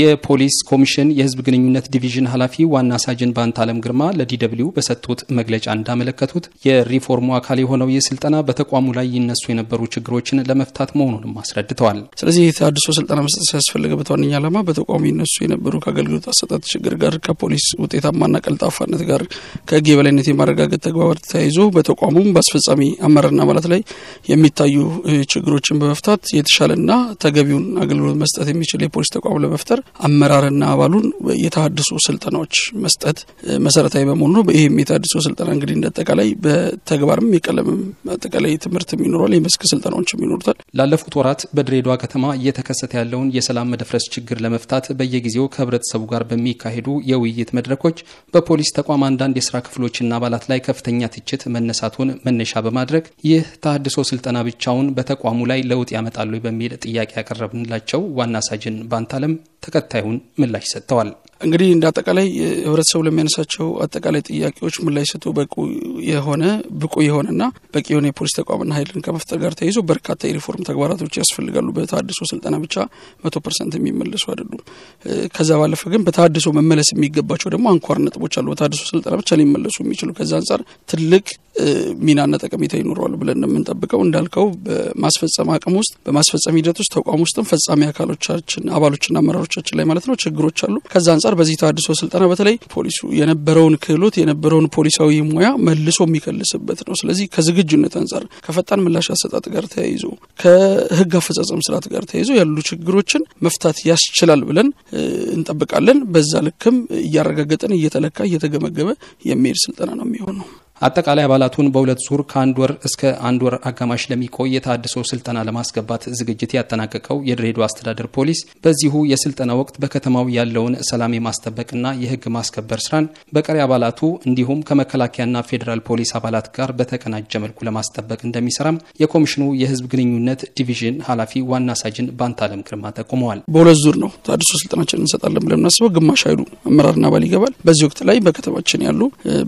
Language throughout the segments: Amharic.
የፖሊስ ኮሚሽን የህዝብ ግንኙነት ዲቪዥን ኃላፊ ዋና ሳጅን ባንት አለም ግርማ ለዲደብሊው በሰጡት መግለጫ እንዳመለከቱት የሪፎርሙ አካል የሆነው ይህ ስልጠና በተቋሙ ላይ ይነሱ የነበሩ ችግሮችን ለመፍታት መሆኑንም አስረድተዋል። ስለዚህ የተሃድሶ ስልጠና መስጠት ሲያስፈልገበት ዋነኛ ዓላማ በተቋሙ ይነሱ የነበሩ ከአገልግሎት አሰጣጥ ችግር ጋር ከፖሊስ ውጤታማና ቀልጣፋነት ጋር ከህግ የበላይነት የማረጋገጥ ተግባር ተያይዞ በተቋሙም በአስፈጻሚ አመራርና አባላት ላይ የሚታዩ ችግሮችን በመፍታት የተሻለና ተገቢውን አገልግሎት መስጠት የሚችል የፖሊስ ተቋም ለመፍጠር በመፍጠር አመራርና አባሉን የተሃድሶ ስልጠናዎች መስጠት መሰረታዊ በመሆኑ ነው። ይህም የተሃድሶ ስልጠና እንግዲህ እንደ አጠቃላይ በተግባርም የቀለምም አጠቃላይ ትምህርትም ይኖራል፣ የመስክ ስልጠናዎችም ይኖሩታል። ላለፉት ወራት በድሬዳዋ ከተማ እየተከሰተ ያለውን የሰላም መደፍረስ ችግር ለመፍታት በየጊዜው ከህብረተሰቡ ጋር በሚካሄዱ የውይይት መድረኮች በፖሊስ ተቋም አንዳንድ የስራ ክፍሎችና አባላት ላይ ከፍተኛ ትችት መነሳቱን መነሻ በማድረግ ይህ ተሃድሶ ስልጠና ብቻውን በተቋሙ ላይ ለውጥ ያመጣሉ በሚል ጥያቄ ያቀረብንላቸው ዋና ሳጅን ባንታለም ተከታዩን ምላሽ ሰጥተዋል። እንግዲህ እንደ አጠቃላይ ህብረተሰቡ ለሚያነሳቸው አጠቃላይ ጥያቄዎች ላይ ሰጥቶ በቁ የሆነ ብቁ የሆነና በቂ የሆነ የፖሊስ ተቋምና ሀይልን ከመፍጠር ጋር ተይዞ በርካታ የሪፎርም ተግባራቶች ያስፈልጋሉ። በታድሶ ስልጠና ብቻ መቶ ፐርሰንት የሚመለሱ አይደሉም። ከዛ ባለፈ ግን በተሃድሶ መመለስ የሚገባቸው ደግሞ አንኳር ነጥቦች አሉ። በታድሶ ስልጠና ብቻ ሊመለሱ የሚችሉ ከዛ አንጻር ትልቅ ሚናና ጠቀሜታ ይኖረዋል ብለን የምንጠብቀው እንዳልከው በማስፈጸም አቅም ውስጥ በማስፈጸም ሂደት ውስጥ ተቋም ውስጥም ፈጻሚ አካሎቻችን አባሎችና አመራሮቻችን ላይ ማለት ነው ችግሮች አሉ ከዛ አንጻር በዚህ ተሃድሶ ስልጠና በተለይ ፖሊሱ የነበረውን ክህሎት የነበረውን ፖሊሳዊ ሙያ መልሶ የሚከልስበት ነው። ስለዚህ ከዝግጁነት አንጻር ከፈጣን ምላሽ አሰጣጥ ጋር ተያይዞ ከህግ አፈጻጸም ስርዓት ጋር ተያይዞ ያሉ ችግሮችን መፍታት ያስችላል ብለን እንጠብቃለን። በዛ ልክም እያረጋገጠን እየተለካ እየተገመገመ የሚሄድ ስልጠና ነው የሚሆነው። አጠቃላይ አባላቱን በሁለት ዙር ከአንድ ወር እስከ አንድ ወር አጋማሽ ለሚቆይ የታድሶ ስልጠና ለማስገባት ዝግጅት ያጠናቀቀው የድሬዳዋ አስተዳደር ፖሊስ በዚሁ የስልጠና ወቅት በከተማው ያለውን ሰላም የማስጠበቅና የህግ ማስከበር ስራን በቀሪ አባላቱ እንዲሁም ከመከላከያና ፌዴራል ፖሊስ አባላት ጋር በተቀናጀ መልኩ ለማስጠበቅ እንደሚሰራም የኮሚሽኑ የህዝብ ግንኙነት ዲቪዥን ኃላፊ ዋና ሳጅን ባንታለም ግርማ ጠቁመዋል። በሁለት ዙር ነው ታድሶ ስልጠናችን እንሰጣለን ብለን የምናስበው ግማሽ ኃይሉ አመራርና አባል ይገባል። በዚህ ወቅት ላይ በከተማችን ያሉ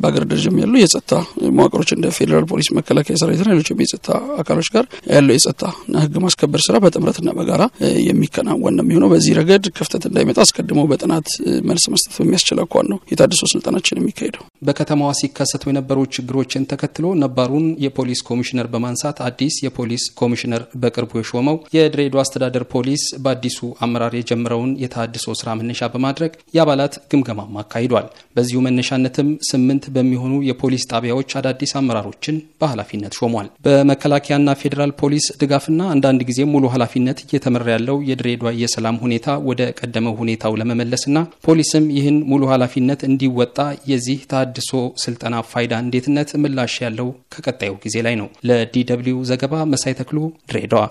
በአገር ደረጃም ያሉ የጸጥታ መዋቅሮች እንደ ፌዴራል ፖሊስ፣ መከላከያ ሰራዊት ና ሌሎችም የጸጥታ አካሎች ጋር ያለው የጸጥታና ህግ ማስከበር ስራ በጥምረት ና በጋራ የሚከናወን ነው የሚሆነው። በዚህ ረገድ ክፍተት እንዳይመጣ አስቀድሞ በጥናት መልስ መስጠት በሚያስችል አኳኋን ነው የታድሶ ስልጠናችን የሚካሄደው። በከተማዋ ሲከሰቱ የነበሩ ችግሮችን ተከትሎ ነባሩን የፖሊስ ኮሚሽነር በማንሳት አዲስ የፖሊስ ኮሚሽነር በቅርቡ የሾመው የድሬዳዋ አስተዳደር ፖሊስ በአዲሱ አመራር የጀመረውን የተሃድሶ ስራ መነሻ በማድረግ የአባላት ግምገማም አካሂዷል። በዚሁ መነሻነትም ስምንት በሚሆኑ የፖሊስ ጣቢያዎች አዳዲስ አመራሮችን በኃላፊነት ሾሟል። በመከላከያና ፌዴራል ፖሊስ ድጋፍና አንዳንድ ጊዜ ሙሉ ኃላፊነት እየተመራ ያለው የድሬዳዋ የሰላም ሁኔታ ወደ ቀደመው ሁኔታው ለመመለስና ፖሊስም ይህን ሙሉ ኃላፊነት እንዲወጣ የዚህ የአድሶ ስልጠና ፋይዳ እንዴትነት ምላሽ ያለው ከቀጣዩ ጊዜ ላይ ነው። ለዲ ደብልዩ ዘገባ መሳይ ተክሉ ድሬዳዋ